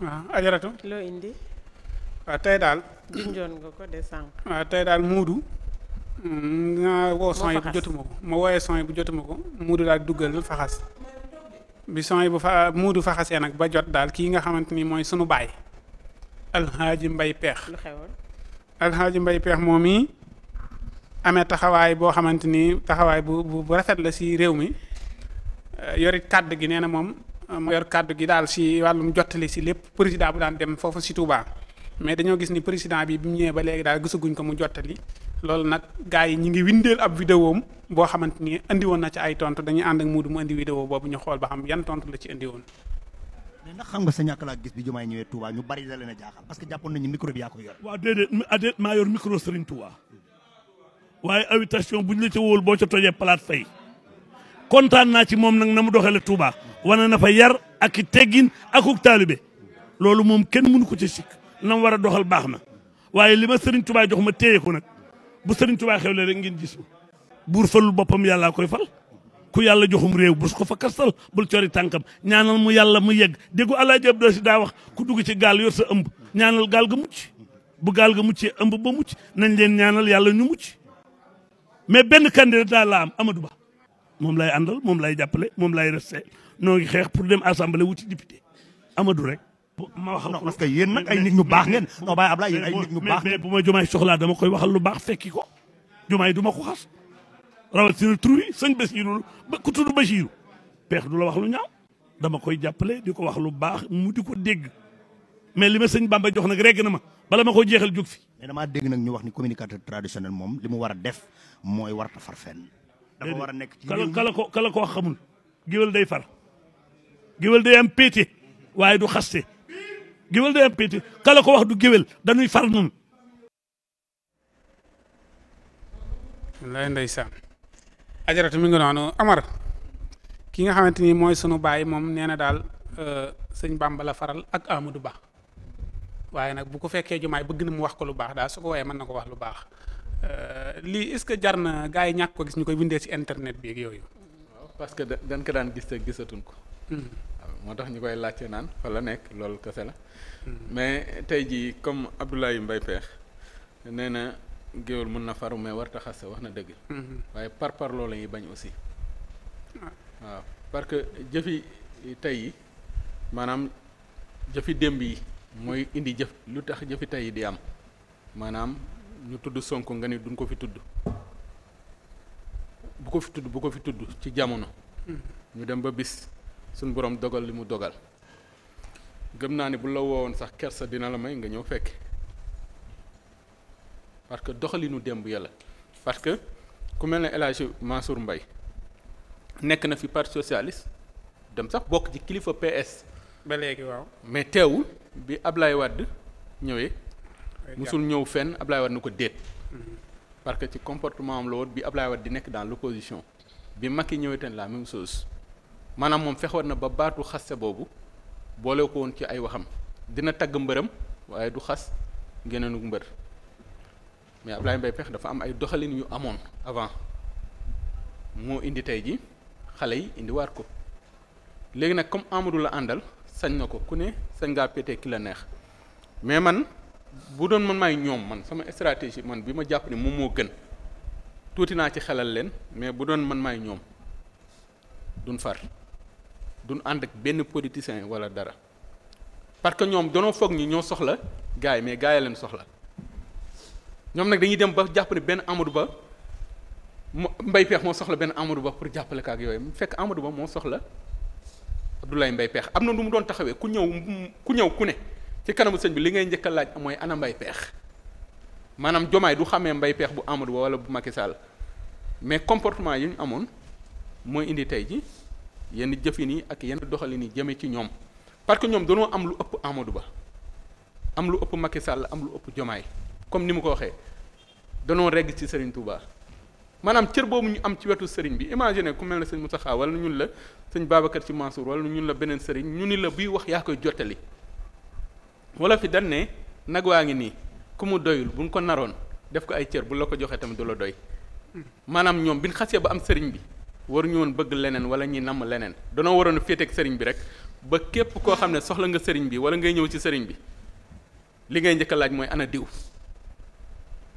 waaw ajaratu loo tey daal junjoon nga tey daal muudu mm, nga woo son yi bu jotuma ko ma wooyee son bu jotuma ko muudu daal duggal faxas bi son yi bu fa muudu faxasee nag ba jot daal kii nga xamante ni mooy sunu baay alxaaji mbay peex lu xewoon alxaaji mbay peex moom yi amee taxawaay boo xamante ni taxawaay bu bu rafet la si réew mi yorit kàdd gi nee na moom ma yor kàddu gi daal si wàllum jottali si lépp président bu daan dem foofu si Touba mais dañoo gis ni président bi bu ñëwee ba léegi daal gisaguñ ko mu jottali loolu nag gars yi ñu ngi windeel ab vidéoom boo xamante ni andi woon na ci ay tontu dañuy ànd ak Moodu mu andi vidéo boobu ñu xool ba xam yan tontu la ci andi woon. mais ndax xam laa gis bi jumaay ñëwee a jaaxal parce que jàppoon nañu micro bi yaa ko yor. waaw déedéet déedéet maa yor micro Serigne Touba waaye invitation bu ñu la ca wóol boo ca tojee palaat fay kontaan naa ci moom nag na mu doxalee Touba wane na fa yar ak i teggin akuk taalibe loolu moom kenn mënu ko ci sikk na mu war a doxal baax na waaye li ma Serigne Touba jox ma téye ko nag bu Serigne Touba xewle rek ngeen gis ma buur falul boppam yàllaa koy fal ku yàlla joxum réew bu ko fa kastal bul cori tànkam ñaanal mu yàlla mu yegg déggu Alaaji Abdu Si daa wax ku dugg ci gaal yor sa ëmb ñaanal gaal ga mucc bu gaal ga muccee ëmb ba mucc nañ leen ñaanal yàlla ñu mucc mais benn candidat laa am Amadou moom lay àndal moom lay jàppale moom lay resté noo xeex pour dem assemblée wuti député Amadou rek. ma wax non parce que yéen nag ay nit ñu baax ngeen. non Baye Ablaye yéen ay nit ñu baax. mais bu ma jumaay soxlaa dama koy waxal lu baax fekki ko jumaay du ma ko xas rawatina tur yi sëñ Basiiru ba ku tudd Basiiru peex du la wax lu ñaaw dama koy jàppale di ko wax lu baax mu di ko dégg mais li ma sëñ Bamba jox nag regg na ma bala ma ko jeexal jóg fi. mais damaa dégg nag ñu wax ni communicateur traditionnel moom li mu war a def mooy war a far fenn. dafa war a nekk ci kala kala ko kala ko xamul géwél day far. géwél day am waaye du xaste géwél day am péete ko wax du géwél dañuy far nun wallaay ndeysaan ajaratu mi ngi noonu Amar ki nga xamante ni mooy sunu baay moom nee na daal euh, sëñ Bàmba la faral ak du baax waaye nag bu ko fekkee jumaay bëgg na mu wax ko lu baax daal su ko wooyee mën na ko wax lu baax euh, lii est-ce que jar na gars yi ñàkk ko gis ñu koy bindee ci internet bi ak yooyu. parce que dañ ko daan gis te gisatuñ ko. Hmm. moo tax ñu koy laajte naan fa la nekk loolu kese la mm-hmm. mais tey jii comme Abdoulaye mbay Pekh nee na géwél mën na faru mais warta xase wax na dëgg mm-hmm. waaye par par loolu yi bañ aussi ah. waaw parce que jëfi tey maanaam jëfi démb yi mooy indi jëf lu tax jëfi tey di am maanaam ñu tudd sonk nga ni duñ ko fi tudd bu ko fi tudd bu ko fi tudd ci jamono mm-hmm. ñu dem ba bis suñu borom dogal li mu dogal gëm naa ni bu la woowoon sax kersa dina la may nga ñëw fekk parce que doxalinu démb yàlla parce que ku mel ne El Hadj Mansour Mbaye nekk na fi parti socialiste dem sax bokk ci kilifa PS. ba léegi mais teewul bi Ablaye wadd ñëwee. musul ñëw fenn Ablaye Wade nu ko déet. Mhm. parce que ci comportement am la woon bi Ablaye Wade di nekk dans l' opposition bi yi ñëwee teen la même chose. maanaam moom fexoon na ba baatu xaste boobu boole ko woon ci ay waxam dina tagg mbëram waaye du xas geneenu mbër mais Ablaye bay Pekh dafa am ay doxalin yu amoon avant moo indi tey ji xale yi indiwaat ko léegi nag comme Amadou la àndal sañ na ko ku ne sañ ngaa pété ki la neex mais man bu doon man maay ñoom man sama stratégie man bi ma jàpp ne moom moo gën tuuti naa ci xelal leen mais bu doon man may ñoom duñ far duñ ànd ak benn politicien wala dara parce que ñoom danoo foog ñi ñoo soxla gars yi mais gars yi leen soxla ñoom nag dañuy dem ba jàppale benn Amadou Ba Mbaye Pekh moo soxla benn Amadou Ba pour jàppale ko ak yooyu mu fekk Amadou Ba moo soxla Abdoulaye mbay peex am na nu mu doon taxawee ku ñëw ku ñëw ku ne ci kanamu sëñ bi li ngay njëkk laaj mooy ana mbay peex maanaam jomaay du xamee mbay peex bu Amadou Ba wala bu Macky Sall mais comportement yi ñu amoon mooy indi tey ji yenn jëfin yi ak yenn doxalin yi jëmee ci ñoom parce que ñoom dañoo am lu ëpp Amadou Ba am lu ëpp Macky sàll am lu ëpp Jomaay comme ni mu ko waxee danoo regg ci Serigne Touba maanaam cër boobu ñu am ci wetu Serigne bi imagine ku mel ne sëñ Moustapha wala ñun la sëñ Babacar Sy Mansour wala ñun la beneen Serigne ñu ni la buy wax yaa koy jottali wala fi dañ nag waa ngi nii ku mu doyul buñ ko naroon def ko ay cër bu la ko joxee tamit du la doy maanaam ñoom biñ xasee ba am Serigne bi. waruñu woon bëgg leneen wala ñuy namm leneen danoo waroon a féeteeg sëriñ bi rek ba képp koo xam ne soxla nga sëriñ bi wala ngay ñëw ci sëriñ bi li ngay njëkka laaj mooy ana diw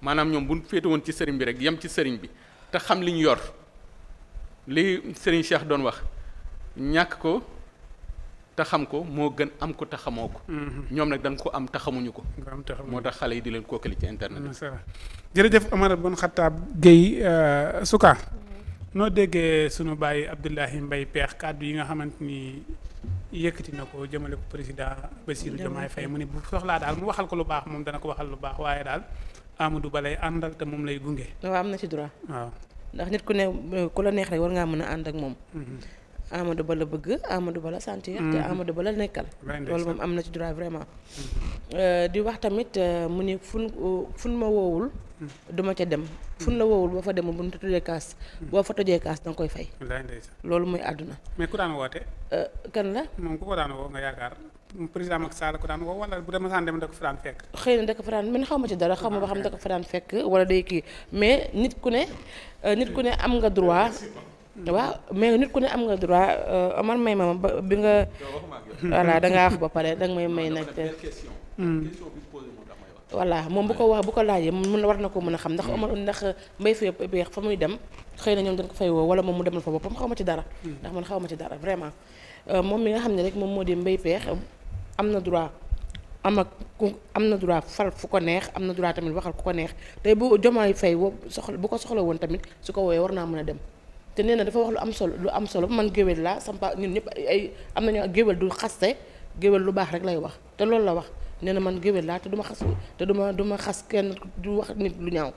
maanaam ñoom bu ñu féete ci sëriñ bi rek yam ci sëriñ bi te xam li ñu yor li sëriñ Cheikh doon wax ñàkk ko te xam ko moo gën am ko te xamoo ko. Mm-hmm. ñoom nag dañ ko am te xamuñu ko. moo tax xale yi di leen kookali ci internet. jërëjëf Omar Bon Khattab Guèye euh, Souka. noo déggee sunu bàyyi Abdoulaye mbay Peex kàddu yi nga xamante ni yëkkati na ko jëmale ko président Bassirou Diomaye fay mu ne bu soxlaa daal mu waxal ko lu baax moom dana ko waxal lu baax waaye daal Amadou Ba lay àndal te moom lay gunge. waaw am na ci droit. waaw ndax nit ku ne ku la neex rek war ngaa mën a ànd ak moom. Mm-hmm. Amadou Ba la bëgg Amadou Ba la sentir. te mhm. Amadou Ba la nekkal. loolu moom am na ci droit vraiment. Mhm. Euh, di wax tamit euh, mu ni fun fun ma woowul. Mhm. duma ca dem fun la woowul boo fa demul bu ñu tuddee kaas. boo fa tojee kaas danga koy fay. loolu mooy àdduna. mais ku daan woote. Euh, kan la. moom ku ko daan woo nga yaakaar. président Macky Sall ko daan woo wala bu demee sànni dem da ko fa daan fekk. xëy na da ko fa daan man xaw ma ci dara xaw ma ba xam ah, da ko fa daan fekk wala day kii mais nit ku ne. nit ku ne am nga droit. Mm. waaw mais nit ku ne am nga droit euh, man may ma ba bi nga. Mm. voilà da ngaa wax ba pare danga may may nag. question mm. moom bu ko wax bu ko laajee mun war na ko mën a xam ndax Omar ndax mbay fi beex fa muy dem xëy na ñoom dañ ko fay woo wala moom mu demal fa boppam xaw ma ci dara. ndax man xaw ma ci dara vraiment euh, moom mi nga xam ne rek moom moo di mbay peex am na droit. am ak ku am na droit fal fu ko neex am na droit tamit waxal ku ko neex te bu Diomaye Faye woo soxla bu ko soxla woon tamit su ko woowee war naa mën a dem te nee na dafa wax lu am solo lu am solo man géwél laa sampa ñun ñëpp ay am nañu géwél du xaste géwél lu baax rek lay wax te loolu la wax nee na man géwél laa duma xas te duma duma xas kenn du wax nit lu ñaaw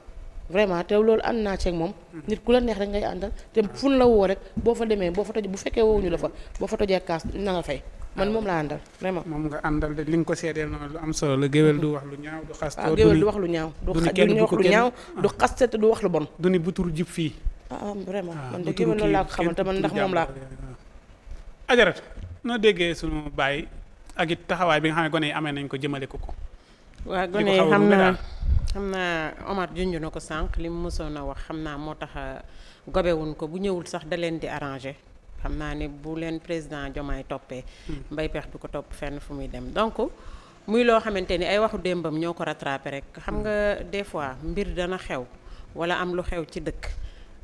vraiment te loolu ànd naa ceeg moom hmm. nit ku la neex rek ngay àndal te fun la woo rek boo fa demee boo fa toj bu fekkee woowuñu la fa boo fa tojee kaas na nga fay ah, moom laa àndal vraiment moom nga àndal de li nga ko seedeel noonu lu am solo la géwél du wax lu ñaaw du xas ah, géwél du wax lu ñaaw du wax lu ñaaw du xaste te du wax lu bon du ni bu tur jib fii Ah, ah vraiment ah, man de géwél loolu laa ko xamal te man ndax moom laa ajarat noo déggee suñu bàyyi ak it taxawaay bi nga xam ne gone yi amee nañ ko jëmale ko ko waa gone yi xam naa xam naa Omar junj na ko sànq li mu mësoon a wax xam naa moo tax gobewuñ ko bu ñëwul sax da leen di arrangé xam naa ne bu leen président Diomaye toppee hmm. mbay pex du ko topp fenn fu muy dem donc muy loo xamante ni ay waxu démbam ñoo ko rattrapé rek xam hmm. nga des fois mbir dana xew wala am lu xew ci dëkk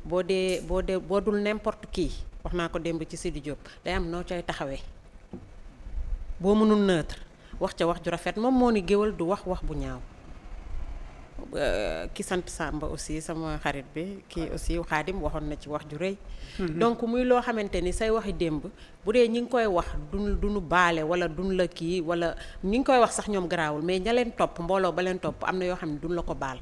boo dee boo dee boo dul n'importe kii wax naa ko démb ci di Diop day am noo cay taxawee boo mënul neutre wax ca wax ju rafet moom moo ni géwal du wax wax bu ñaaw euh, kii sant Samba aussi sama xarit bi kii aussi xaadim waxoon na ci wax ju rëy mhm. donc muy loo xamante ni say waxi démb bu dee ñi ngi koy wax duñ duñu baale wala duñ la kii wala ñi ngi koy wax sax ñoom garaawul mais ña leen topp mbooloo ba leen topp am na yoo xam ne duñu la ko baal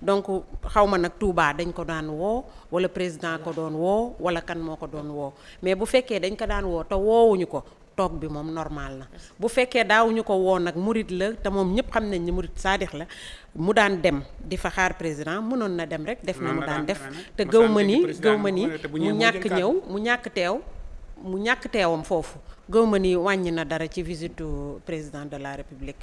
donc xaw ma nag Touba dañ ko daan woo wala président ko doon woo wala kan moo ko doon woo mais bu fekkee dañ ko daan woo te woowuñu ko toog bi moom normal na bu fekkee daawuñu ko woon nag murit la te moom ñëpp xam nañ ni murit saadix la mu daan dem di fa xaar président mënoon na dem rek def na mu daan def te gëw ma ni gëw ma ni mu ñàkk ñëw mu ñàkk teew mu ñàkk teewam foofu gëw ma ni wàññi na dara ci visite président de la république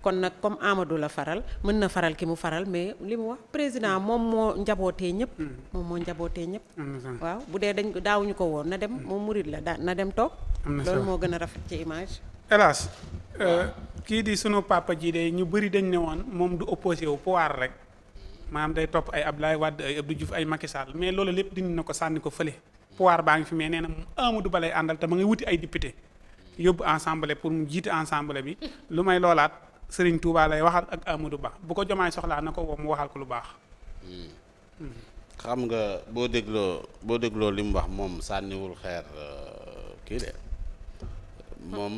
kon nag comme Amadou la faral mën na faral ki mu faral mais li mu wax président mm. moom moo njabootee ñëpp. Mm. moom moo njabootee ñëpp. Mm, waaw bu dee dañ daawuñu ko woon na dem moom murid la daa na dem toog. loolu moo gën a rafet ci image. hélas euh, kii di sunu papa ji de ñu bëri dañ ne woon moom du opposé wu pouvoir rek maanaam day topp ay Abdoulaye Wade ay Abdou Diouf ay Macky Sall mais loolu lépp dindi na ko sànni ko fële. pouvoir baa ngi fi mais nee na Amadou Ba lay àndal te ma ngay wuti ay député yóbbu assemblée pour mu jiite assemblée bi lu may loolaat. sëriñ Touba lay waxal ak du baax bu ko jomaay soxlaa na ko woo mu waxal ko lu baax. xam nga boo dégloo boo dégloo li mu wax moom sànniwul xeer euh, kii de moom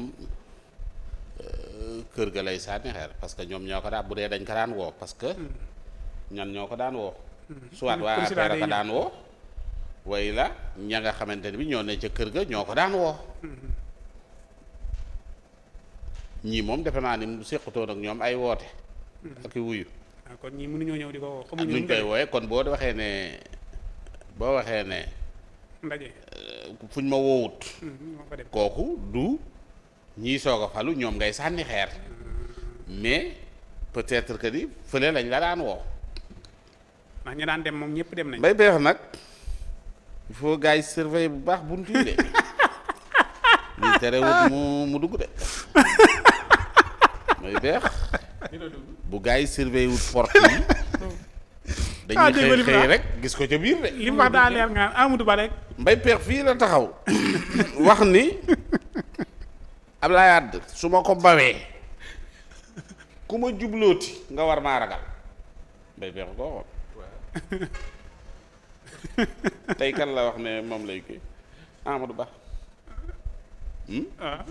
euh, kër ga lay sànni xeer parce que ñoom ñoo ko daan bu dee dañ ko daan woo parce que. ñan ñoo ko daan woo. soit waa affaire ko daan woo. way la ña nga xamante ni bi ñoo ne ca kër ga ñoo ko daan woo. Mm-hmm. ñii moom defe naa ni séqutoon ak ñoom ay woote ak wuyu ah, kon ñii mënuñoo ñëw di ko woo ñu koy wooye kon boo waxee ne boo waxee ne ndaje eh, fuñ ma woowut hmm, kooku du ñii soo a falu ñoom ngay sànni xeer ah. mais peut-être que ni fële lañ la daan woo ndax ñu daan dem moom ñëpp dem nañ bay beex nag il faut gars yi bu baax buntu yi de tere wut mu mu dugg de mooy beex bu gars yi surveiller wut ah, dañuy xëy xëy rek gis ko ca biir de li mu wax daa leer nga Ba rek mbay peex fii la taxaw wax ni Ablaye Wade su ma ko bawee ku ma jublooti nga war maa ragal mbay peex ko waxoon tey la wax ne moom lay kii Amadou Ba hmm? ah.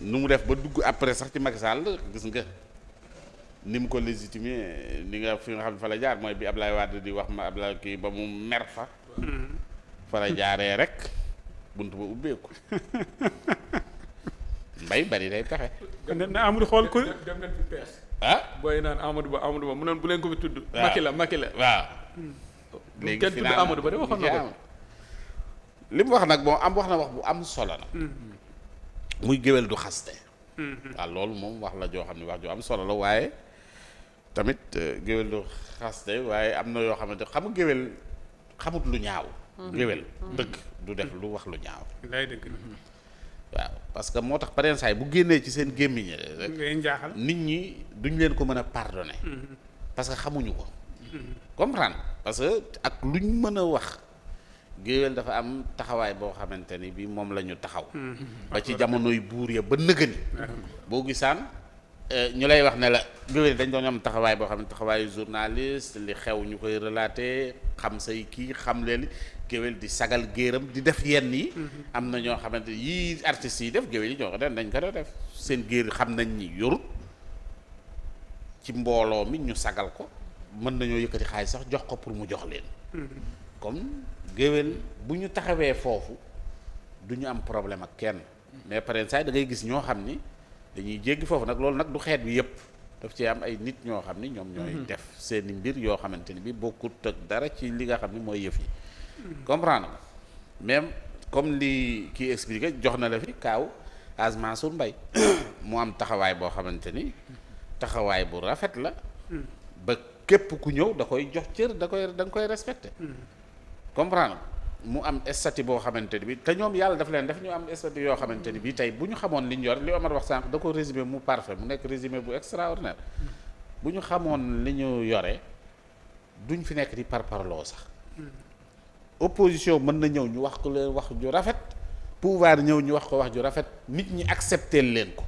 nu mu def ba dugg après sax ci Macky Sall gis nga ni mu ko légitimer ni nga fi nga xam fala jaar mooy bi ab Ablaye Wade di wax ma Ablaye kii ba mu mer fa. fa la jaaree rek buntu ba ubbeeku. mbay bari day pexe. dem na Amadou xool ko dem nañ fi ah? booy naan Amadou Ba Amadou Ba mu ne bu leen ko fi tudd. waaw ah. Macky la Macky la waaw. Hmm. léegi mu wax nag boo am wax na wax bu am solo na. Hmm. muy géwel du xaste mm-hmm. waaw loolu moom wax la joo xam ne wax joo am solo la waaye tamit euh, géwél du xaste waaye am na yoo xamante xam nga géwél xamut lu ñaaw mm-hmm. géwél mm-hmm. dëgg du def lu wax lu ñaaw lay dëgg waaw parce que moo tax pareen saay bu génnee ci seen gémmiñ rek nit ñi duñ leen ko mën a pardonner parce que xamuñu ko comprendre parce que ak luñ mën a wax géwél dafa am taxawaay boo xamante ni bi moom lañu taxaw mm-hmm. ba ci jamonoy buur ya ba nëgëni mm-hmm. boo gisaan eh, ñu lay wax ne la géwél dañ doon am taxawaay boo xam ne taxawaayu journaliste li xew ñu koy relaté xam say kii xam leen géwél di sagal géeram di def yenn yi mm-hmm. am na ñoo xamante yii artistes yi def géwél yi ñoo ko def dañ ko def seen géer xam nañ ni yorut ci mbooloo mi ñu sagal ko mën nañoo yëkkati xaalis sax jox ko pour mu jox leen comme géwél bu ñu taxawee foofu du ñu am problème ak kenn mais pareen saa yi da ngay gis ñoo xam ni dañuy jéggi foofu nag loolu nag du xeet bi yëpp daf ci am ay nit ñoo xam ni ñoom ñooy mhm. def seeni mbir yoo xamante ni bi bokkut ak dara ci li nga xam ni mooy yëf yi comprendre nga même comme li kii expliqué jox na la fi kaaw Hadj Mansour mbay mu am taxawaay boo xamante ni taxawaay bu rafet la mhm. ba képp ku ñëw da koy jox cër da koy da nga koy respecté mhm. comprendre mu am statut boo xamante ni bii te ñoom yàlla daf leen def ñu am statut yoo xamante ni bii tey bu ñu xamoon li ñu yor li Omar wax sànq da ko résumé mu parfait mu nekk résumé bu extraordinaire bu ñu xamoon li ñu yore duñ fi nekk di par par loo sax opposition mën na ñëw ñu wax ko leen wax ju rafet pouvoir ñëw ñu wax ko wax ju rafet nit ñi accepter leen ko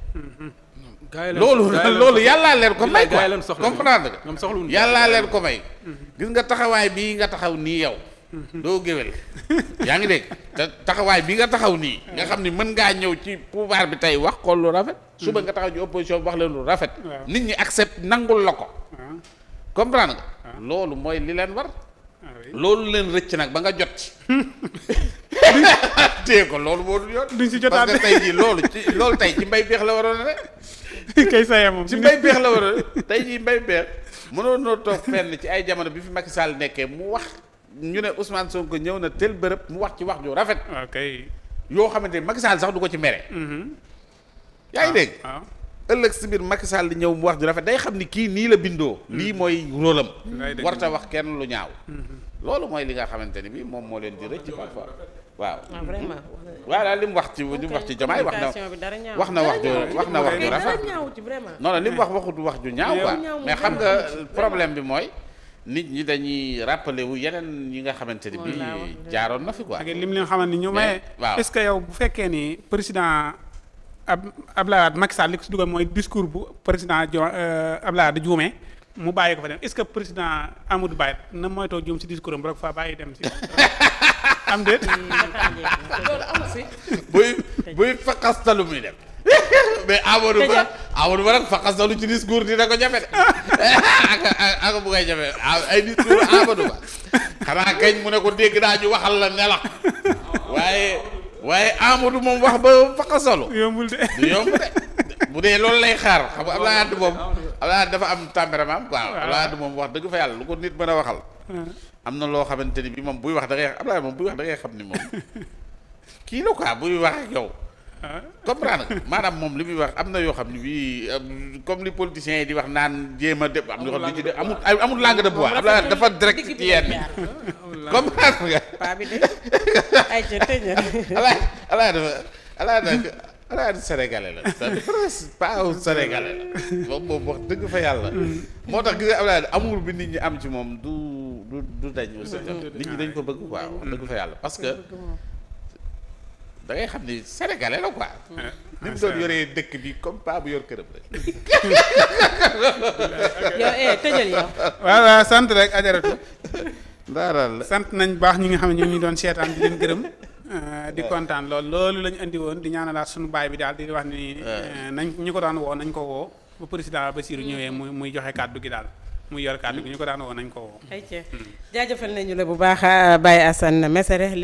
loolu loolu yàllaa leen ko may quoi comprendre nga yàllaa leen ko may gis nga taxawaay bii nga taxaw nii yow doo géwél yaa ngi dégg te taxawaay bi nga taxaw nii nga xam ni mën ngaa ñëw ci pouvoir bi tey wax ko lu rafet suba nga taxaw ci opposition bi wax leen lu rafet nit ñi accepte nangul la ko ah. comprendre nga ah. loolu mooy li leen war ah loolu leen rëcc nag ba nga jot ci ko loolu moo dul yoon duñ si jotaat tey jii loolu ci loolu tey ci mbay beex la waroon rek kay saya moom ci mbay beex la waroon tey jii mbay beex mënoon noo toog fenn ci ay jamono bi fi Macky Sall nekkee mu wax ñu ne Ousmane Sonko ñëw na tel bërëb mu wax ci wax ju rafet. ok yoo xamante ni Macky Sall sax du ko ci mere. Mm-hmm. yaa ngi ah, ah. ëllëg si biir Macky Sall di ñëw mu wax ju rafet day xam ni kii nii la bindoo. Mm-hmm. lii mooy rôle am. warta wax kenn lu ñaaw. Mm-hmm. loolu mooy li nga xamante ni bii moom moo leen di rëcc parfois. waaw ah, vraiment. waaw daal li mu wax ci li wax ci jamaay wax na wax na wax ju wax na wax ju rafet. non non li mu wax waxut wax ju ñaaw quoi mais xam nga problème bi mooy. nit ñi dañuy rappelé wu yeneen yi nga xamante ni bi jaaroon na fi quoi. li mu leen xamante ni ñu maye. waaw est que yow bu fekkee ni président ab Abdoulaye Wade Macky Sall li ko si dugal mooy discours bu président jo euh, Abdoulaye Wade juumee mu bàyyi ko fa dem est ce que président Amadou Ba na moytoo juum si discours am rek fa bàyyi dem si. am déet. loolu hmm. buy buy faqastalu muy dem. mais Amadou Ba Amadou Ba nag faxas na lu ci discours dina ko jafe de ak ak bu ngay jafe ay discours Amadou Ba xanaa kañ mu ne ko dégg daa ñu waxal la ne la waaye waaye Amadou moom wax ba faxasalu yombul de du yomb bu dee loolu lay xar xam nga Abdoulaye Wade moom Abdoulaye Wade dafa am tempérament waaw Abdoulaye moom wax dëgg fa yàlla lu ko nit mën a waxal hmm. am na loo xamante ni bi moom buy wax da am Abdoulaye moom buy wax da ngay xam ni moom kii la quoi buy wax ak yow comprendre nga maanaam moom li muy wax am na yoo xam ne bii euh, comme li politiciens yi di wax naan jéem a def am na yoo xam ne bii amul amul langue de bois am dafa ay ca tëj. ala ala dafa ala dafa ala sénégalais la c'est pas sénégalais la moom moom wax dëgg fa yàlla. moo tax gis nga bi nit ñi am ci moom du du du dañ. nit ñi dañ ko bëgg waaw dëgg fa yàlla parce que. da ngay xam ni sénégalais la quoi. Ah, ah, ni mu doon yoree dëkk bi comme pas bu yor këram rek. yow eh tëjal yow. waaw sant rek ajaratu. daaral sant nañ baax ñu ngi xam ne ñoo ñu doon seetaan di leen gërëm. Eh, di kontaan lool loolu lañ andi woon di ñaanalaat suñu baay bi daal di wax ni. Eh, nañ ñu ko daan woo nañ ko woo. bu président Bassirou ñëwee muy muy joxe kàddu gi daal. muy yor kàddu gi ñu ko daan woo nañ ko woo. ayca nañu la bu baax Baye Assane Mesere.